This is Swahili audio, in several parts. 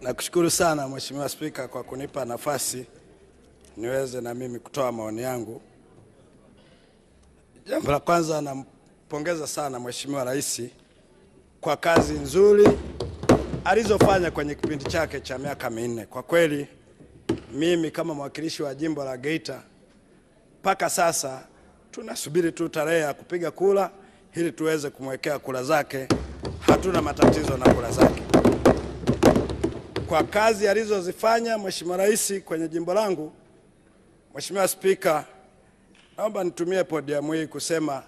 Nakushukuru sana Mheshimiwa Spika kwa kunipa nafasi niweze na mimi kutoa maoni yangu. Jambo la kwanza, nampongeza sana Mheshimiwa Rais kwa kazi nzuri alizofanya kwenye kipindi chake cha miaka minne. Kwa kweli mimi kama mwakilishi wa jimbo la Geita mpaka sasa tunasubiri tu tarehe ya kupiga kura ili tuweze kumwekea kura zake. Hatuna matatizo na kura zake kwa kazi alizozifanya Mheshimiwa Rais kwenye jimbo langu. Mheshimiwa Spika, naomba nitumie podium hii kusema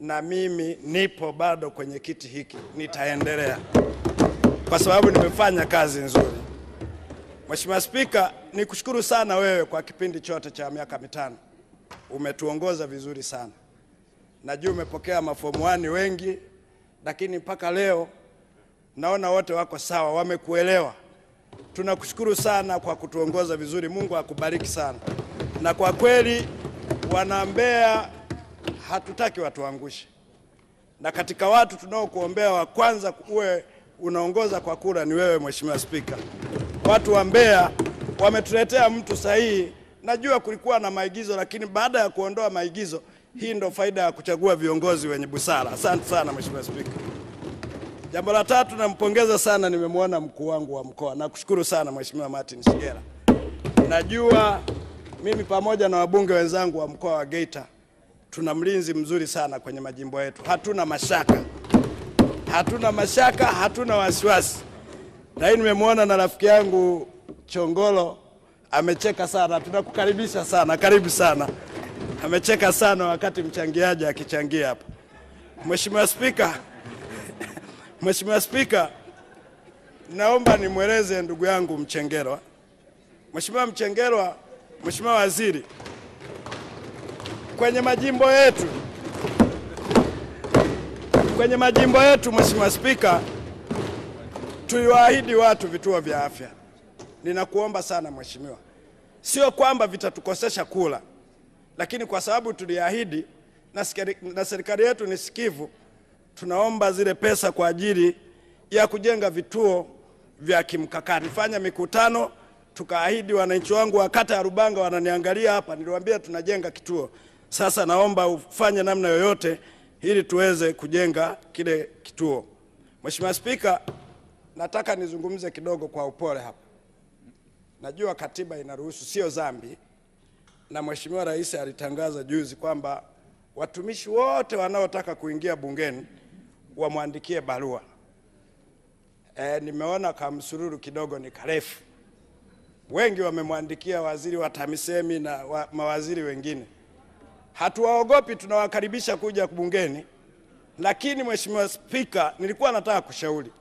na mimi nipo bado kwenye kiti hiki, nitaendelea kwa sababu nimefanya kazi nzuri. Mheshimiwa Spika, nikushukuru sana wewe kwa kipindi chote cha miaka mitano, umetuongoza vizuri sana. Najua umepokea mafomu wani wengi, lakini mpaka leo Naona wote wako sawa, wamekuelewa. Tunakushukuru sana kwa kutuongoza vizuri. Mungu akubariki sana, na kwa kweli wana Mbeya hatutaki watuangushe, na katika watu tunaokuombea wa kwanza uwe unaongoza kwa kura ni wewe Mheshimiwa Spika. Watu wa Mbeya wametuletea mtu sahihi. Najua kulikuwa na maigizo, lakini baada ya kuondoa maigizo, hii ndo faida ya kuchagua viongozi wenye busara. Asante sana Mheshimiwa Spika. Jambo la tatu, nampongeza sana, nimemwona mkuu wangu wa mkoa. Nakushukuru sana Mheshimiwa Martin Shigera. Najua mimi pamoja na wabunge wenzangu wa mkoa wa Geita tuna mlinzi mzuri sana kwenye majimbo yetu, hatuna mashaka, hatuna mashaka, hatuna wasiwasi. Na hii nimemwona na rafiki yangu Chongolo amecheka sana. Tunakukaribisha sana, karibu sana. Amecheka sana wakati mchangiaji akichangia hapa. Mheshimiwa Spika, Mheshimiwa Spika, naomba nimweleze ndugu yangu Mchengerwa. Mheshimiwa Mchengerwa, Mheshimiwa Waziri, kwenye majimbo yetu kwenye majimbo yetu Mheshimiwa Spika, tuliwaahidi watu vituo vya afya. Ninakuomba sana mheshimiwa, sio kwamba vitatukosesha kula, lakini kwa sababu tuliahidi na serikali yetu ni sikivu tunaomba zile pesa kwa ajili ya kujenga vituo vya kimkakati. Fanya mikutano tukaahidi, wananchi wangu wa kata ya Rubanga wananiangalia hapa, niliwaambia tunajenga kituo. Sasa naomba ufanye namna yoyote ili tuweze kujenga kile kituo. Mheshimiwa Spika, nataka nizungumze kidogo kwa upole hapa. Najua katiba inaruhusu, sio dhambi, na Mheshimiwa Rais alitangaza juzi kwamba watumishi wote wanaotaka kuingia bungeni wamwandikie barua. E, nimeona kamsururu kidogo ni karefu. Wengi wamemwandikia waziri wa TAMISEMI na wa, mawaziri wengine. Hatuwaogopi, tunawakaribisha kuja bungeni, lakini Mheshimiwa Spika, nilikuwa nataka kushauri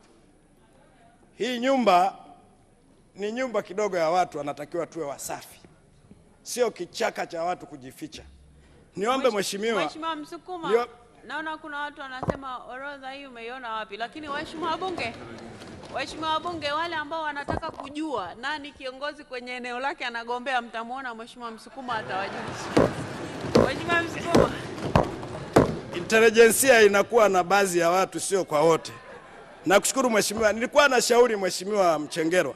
hii nyumba ni nyumba kidogo ya watu, wanatakiwa tuwe wasafi, sio kichaka cha watu kujificha. Niombe mheshimiwa, mheshimiwa Msukuma naona kuna watu wanasema orodha hii umeiona wapi? Lakini waheshimiwa wabunge, waheshimiwa wabunge, wale ambao wanataka kujua nani kiongozi kwenye eneo lake anagombea, mtamwona mheshimiwa Msukuma atawajulisha. Mheshimiwa Msukuma, intelijensia inakuwa na baadhi ya watu, sio kwa wote. Nakushukuru mheshimiwa. Nilikuwa na shauri mheshimiwa Mchengerwa,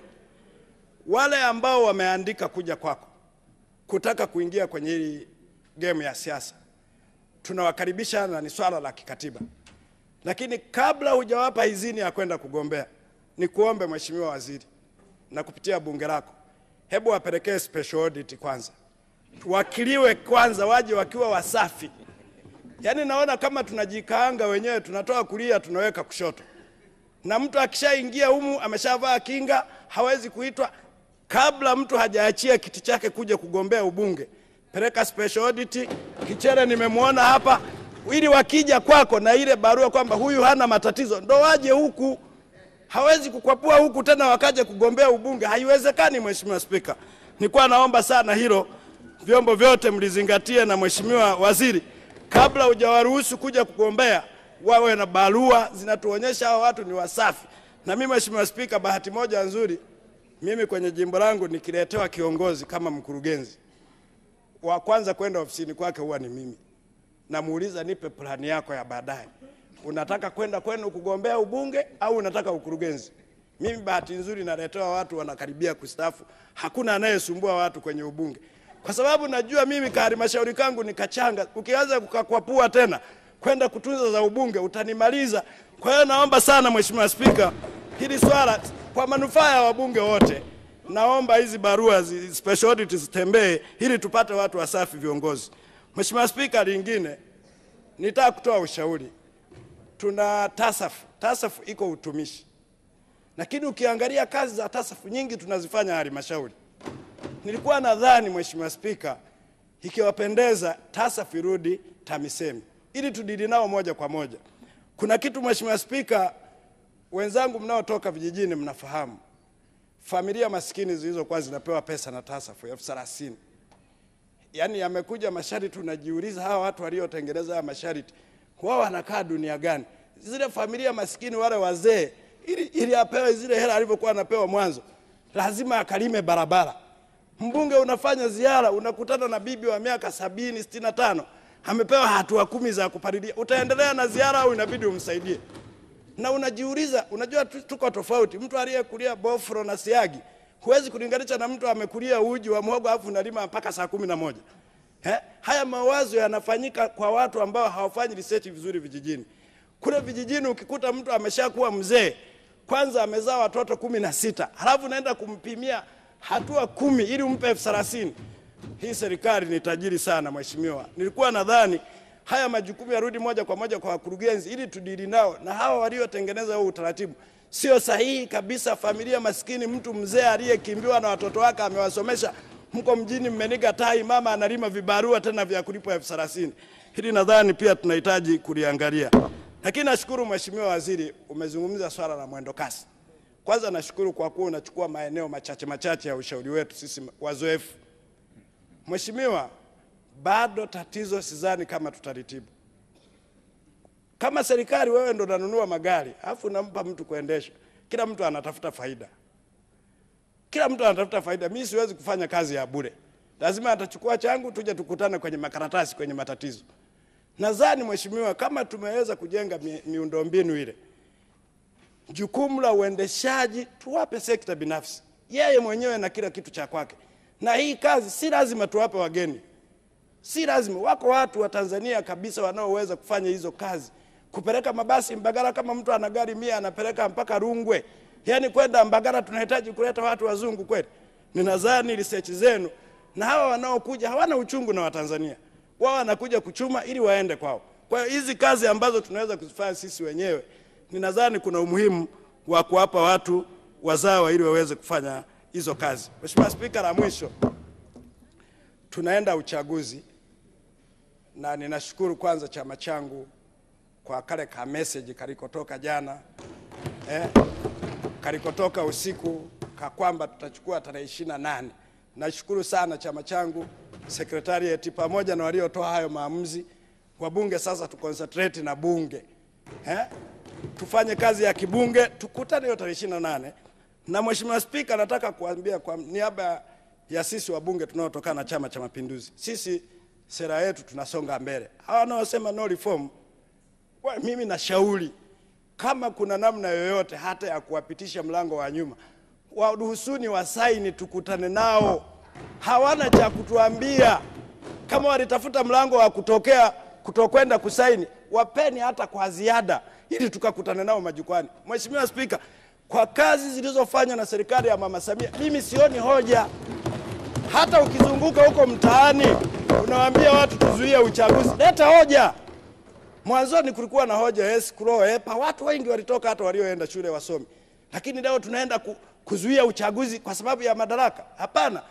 wale ambao wameandika kuja kwako kutaka kuingia kwenye hili game ya siasa tunawakaribisha na ni swala la kikatiba. Lakini kabla hujawapa idhini ya kwenda kugombea, ni kuombe Mheshimiwa Waziri na kupitia bunge lako, hebu wapelekee special audit kwanza, wakiliwe kwanza, waje wakiwa wasafi. Yaani naona kama tunajikaanga wenyewe, tunatoa kulia tunaweka kushoto, na mtu akishaingia humu ameshavaa kinga, hawezi kuitwa kabla mtu hajaachia kiti chake kuja kugombea ubunge peleka special audit. Kichere nimemwona hapa, ili wakija kwako na ile barua kwamba huyu hana matatizo, ndo waje huku. Hawezi kukwapua huku tena wakaje kugombea ubunge, haiwezekani. Mheshimiwa Spika, nilikuwa naomba sana hilo, vyombo vyote mlizingatie, na Mheshimiwa Waziri, kabla hujawaruhusu kuja kugombea wawe na barua zinatuonyesha hao watu ni wasafi. Na mimi Mheshimiwa Spika, bahati moja nzuri, mimi kwenye jimbo langu nikiletewa kiongozi kama mkurugenzi wa kwanza kwenda ofisini kwake huwa ni mimi. Namuuliza, nipe plani yako ya baadaye, unataka kwenda kwenu kugombea ubunge au unataka ukurugenzi? Mimi bahati nzuri naletewa watu wanakaribia kustafu, hakuna anayesumbua watu kwenye ubunge, kwa sababu najua mimi ka halmashauri kangu ni kachanga. Ukianza kukakwapua tena kwenda kutunza za ubunge utanimaliza. Kwa hiyo naomba sana Mheshimiwa Spika, hili swala kwa manufaa ya wabunge wote naomba hizi barua zi, special audit zitembee ili tupate watu wasafi viongozi. Mheshimiwa Spika, lingine nitaka kutoa ushauri. Tuna TASAF, TASAF iko utumishi, lakini ukiangalia kazi za TASAF nyingi tunazifanya halmashauri. Nilikuwa nadhani Mheshimiwa Spika, ikiwapendeza TASAF irudi TAMISEMI ili tudili nao moja kwa moja. Kuna kitu Mheshimiwa Spika, wenzangu mnaotoka vijijini mnafahamu familia maskini zilizokuwa zinapewa pesa na TASAF elfu thelathini. Yaani yamekuja masharti, tunajiuliza hawa watu waliotengeneza haya masharti wao wanakaa dunia gani? Zile familia maskini wale wazee, ili, ili apewe zile hela alivyokuwa anapewa mwanzo, lazima akalime barabara. Mbunge unafanya ziara, unakutana na bibi wa miaka sabini sitini na tano amepewa hatua kumi za kupalilia. Utaendelea na ziara au inabidi umsaidie? na unajiuliza, unajua tuko tofauti. Mtu aliyekulia bofro na siagi huwezi kulinganisha na mtu amekulia uji wa mwogo afu unalima mpaka saa kumi na moja. He? Haya mawazo yanafanyika kwa watu ambao hawafanyi research vizuri vijijini. Kule vijijini ukikuta mtu ameshakuwa mzee, kwanza amezaa watoto kumi na sita halafu naenda kumpimia hatua kumi ili umpe elfu thelathini. Hii serikali ni tajiri sana mheshimiwa, nilikuwa nadhani haya majukumu yarudi moja kwa moja kwa wakurugenzi ili tudili nao, na hawa waliotengeneza huo utaratibu sio sahihi kabisa. Familia maskini, mtu mzee aliyekimbiwa na watoto wake amewasomesha, mko mjini, mmeniga tai, mama analima vibarua tena vya kulipwa elfu thelathini. Hili nadhani pia tunahitaji kuliangalia. Lakini nashukuru Mheshimiwa Waziri, umezungumza swala la mwendo kasi. Kwanza nashukuru kwa kuwa unachukua maeneo machache machache ya ushauri wetu sisi wazoefu. Mheshimiwa, bado tatizo sidhani kama tutaritibu. Kama serikali wewe ndo unanunua magari alafu unampa mtu kuendesha, kila mtu anatafuta faida, kila mtu anatafuta faida. Mimi siwezi kufanya kazi ya bure, lazima atachukua changu, tuje tukutane kwenye makaratasi, kwenye matatizo. Nadhani mheshimiwa, kama tumeweza kujenga miundombinu ile, jukumu la uendeshaji tuwape sekta binafsi, yeye mwenyewe na kila kitu cha kwake, na hii kazi si lazima tuwape wageni. Si lazima, wako watu wa Tanzania kabisa wanaoweza kufanya hizo kazi, kupeleka mabasi Mbagara. Kama mtu ana gari mia anapeleka mpaka Rungwe, yani kwenda Mbagara tunahitaji kuleta watu wazungu kweli? Ninadhani research zenu na hawa wanaokuja hawana uchungu na Watanzania, wao wanakuja kuchuma ili waende kwao. Kwa hiyo hizi kazi ambazo tunaweza kuzifanya sisi wenyewe, ninadhani kuna umuhimu wa kuwapa watu wazawa ili waweze kufanya hizo kazi. Mheshimiwa Spika, la mwisho, tunaenda uchaguzi na ninashukuru kwanza chama changu kwa kale ka message kalikotoka jana eh, kalikotoka usiku ka kwamba tutachukua tarehe ishirini na nane. Nashukuru sana chama changu, secretariat pamoja na waliotoa hayo maamuzi. Wabunge sasa tu concentrate na bunge eh, tufanye kazi ya kibunge, tukutane hiyo tarehe ishirini na nane. Na Mheshimiwa Spika, nataka kuambia kwa niaba ya sisi wabunge tunaotokana na Chama cha Mapinduzi, sisi sera yetu, tunasonga mbele. Hawa wanaosema no reform, kwa mimi nashauri kama kuna namna yoyote hata ya kuwapitisha mlango wa nyuma, waruhusuni wasaini, tukutane nao. Hawana cha kutuambia. Kama walitafuta mlango wa kutokea kutokwenda kusaini, wapeni hata kwa ziada, ili tukakutana nao majukwani. Mheshimiwa Spika, kwa kazi zilizofanywa na serikali ya Mama Samia, mimi sioni hoja. Hata ukizunguka huko mtaani unawaambia watu tuzuia uchaguzi. Leta hoja. Mwanzoni kulikuwa na hoja yes, kuro, epa, watu wengi walitoka hata walioenda shule wasomi, lakini leo tunaenda ku, kuzuia uchaguzi kwa sababu ya madaraka? Hapana,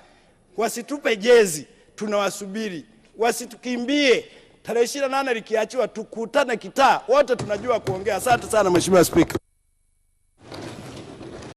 wasitupe jezi, tunawasubiri, wasitukimbie. Tarehe ishirini na nane likiachiwa, tukutane kitaa, wote tunajua kuongea. Asante sana Mheshimiwa Spika.